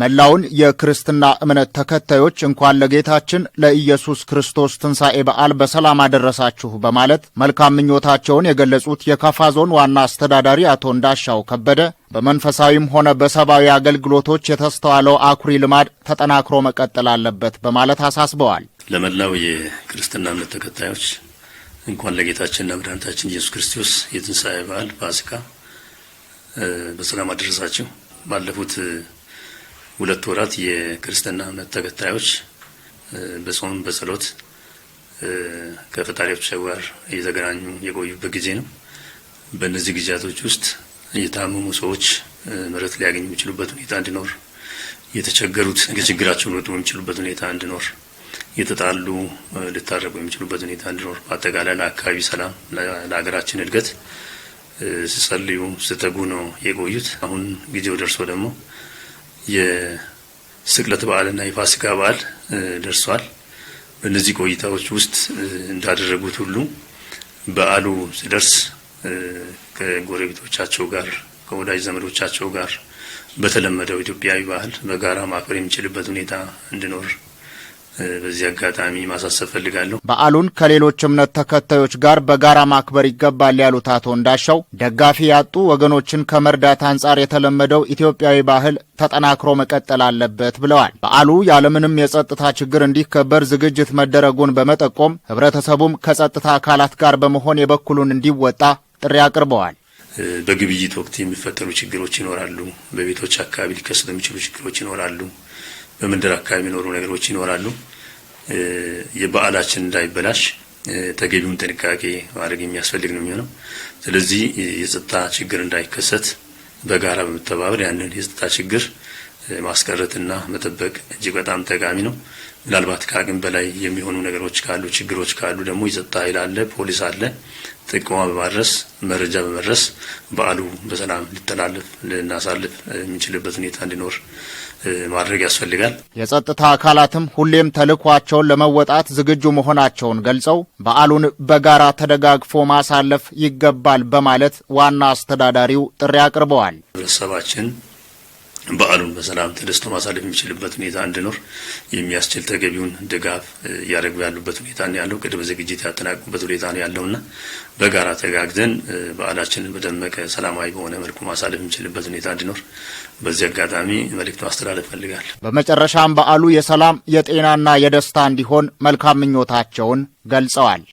መላውን የክርስትና እምነት ተከታዮች እንኳን ለጌታችን ለኢየሱስ ክርስቶስ ትንሣኤ በዓል በሰላም አደረሳችሁ በማለት መልካም ምኞታቸውን የገለጹት የካፋ ዞን ዋና አስተዳዳሪ አቶ እንዳሻው ከበደ በመንፈሳዊም ሆነ በሰብአዊ አገልግሎቶች የተስተዋለው አኩሪ ልማድ ተጠናክሮ መቀጠል አለበት በማለት አሳስበዋል። ለመላው የክርስትና እምነት ተከታዮች እንኳን ለጌታችንና መድኃኒታችን ኢየሱስ ክርስቶስ የትንሣኤ በዓል ፋሲካ በሰላም አደረሳችሁ ባለፉት ሁለት ወራት የክርስትና እምነት ተከታዮች በጾም በጸሎት ከፈጣሪያቸው ጋር እየተገናኙ የቆዩበት ጊዜ ነው። በእነዚህ ጊዜያቶች ውስጥ የታመሙ ሰዎች ምሕረት ሊያገኙ የሚችሉበት ሁኔታ እንዲኖር፣ የተቸገሩት ከችግራቸው ሊወጡ የሚችሉበት ሁኔታ እንዲኖር፣ የተጣሉ ሊታረቁ የሚችሉበት ሁኔታ እንዲኖር፣ በአጠቃላይ ለአካባቢ ሰላም፣ ለሀገራችን እድገት ሲጸልዩ ሲተጉ ነው የቆዩት። አሁን ጊዜው ደርሶ ደግሞ የስቅለት በዓልና የፋሲካ በዓል ደርሷል። በእነዚህ ቆይታዎች ውስጥ እንዳደረጉት ሁሉ በዓሉ ሲደርስ ከጎረቤቶቻቸው ጋር ከወዳጅ ዘመዶቻቸው ጋር በተለመደው ኢትዮጵያዊ ባህል በጋራ ማክበር የሚችልበት ሁኔታ እንዲኖር በዚህ አጋጣሚ ማሳሰብ ፈልጋለሁ። በዓሉን ከሌሎች እምነት ተከታዮች ጋር በጋራ ማክበር ይገባል ያሉት አቶ እንዳሻው ደጋፊ ያጡ ወገኖችን ከመርዳት አንጻር የተለመደው ኢትዮጵያዊ ባህል ተጠናክሮ መቀጠል አለበት ብለዋል። በዓሉ ያለምንም የጸጥታ ችግር እንዲከበር ዝግጅት መደረጉን በመጠቆም ህብረተሰቡም ከጸጥታ አካላት ጋር በመሆን የበኩሉን እንዲወጣ ጥሪ አቅርበዋል። በግብይት ወቅት የሚፈጠሩ ችግሮች ይኖራሉ። በቤቶች አካባቢ ሊከሰቱ የሚችሉ ችግሮች ይኖራሉ። በምድር አካባቢ የሚኖሩ ነገሮች ይኖራሉ። የበዓላችን እንዳይበላሽ ተገቢውን ጥንቃቄ ማድረግ የሚያስፈልግ ነው የሚሆነው። ስለዚህ የጸጥታ ችግር እንዳይከሰት በጋራ በመተባበር ያንን የጸጥታ ችግር ማስቀረትና መጠበቅ እጅግ በጣም ጠቃሚ ነው። ምናልባት ከአቅም በላይ የሚሆኑ ነገሮች ካሉ፣ ችግሮች ካሉ ደግሞ የጸጥታ ኃይል አለ፣ ፖሊስ አለ። ጥቆማ በማድረስ መረጃ በመድረስ በዓሉ በሰላም ሊተላለፍ ልናሳልፍ የሚችልበት ሁኔታ እንዲኖር ማድረግ ያስፈልጋል። የጸጥታ አካላትም ሁሌም ተልዕኳቸውን ለመወጣት ዝግጁ መሆናቸውን ገልጸው በዓሉን በጋራ ተደጋግፎ ማሳለፍ ይገባል በማለት ዋና አስተዳዳሪው ጥሪ አቅርበዋል። ህብረተሰባችን በዓሉን በሰላም ተደስቶ ማሳለፍ የሚችልበት ሁኔታ እንዲኖር የሚያስችል ተገቢውን ድጋፍ እያደረጉ ያሉበት ሁኔታ ነው ያለው። ቅድመ ዝግጅት ያጠናቁበት ሁኔታ ነው ያለውና በጋራ ተጋግዘን በዓላችንን በደመቀ ሰላማዊ በሆነ መልኩ ማሳለፍ የሚችልበት ሁኔታ እንዲኖር በዚህ አጋጣሚ መልእክት ማስተላለፍ ፈልጋለሁ። በመጨረሻም በዓሉ የሰላም የጤናና የደስታ እንዲሆን መልካም ምኞታቸውን ገልጸዋል።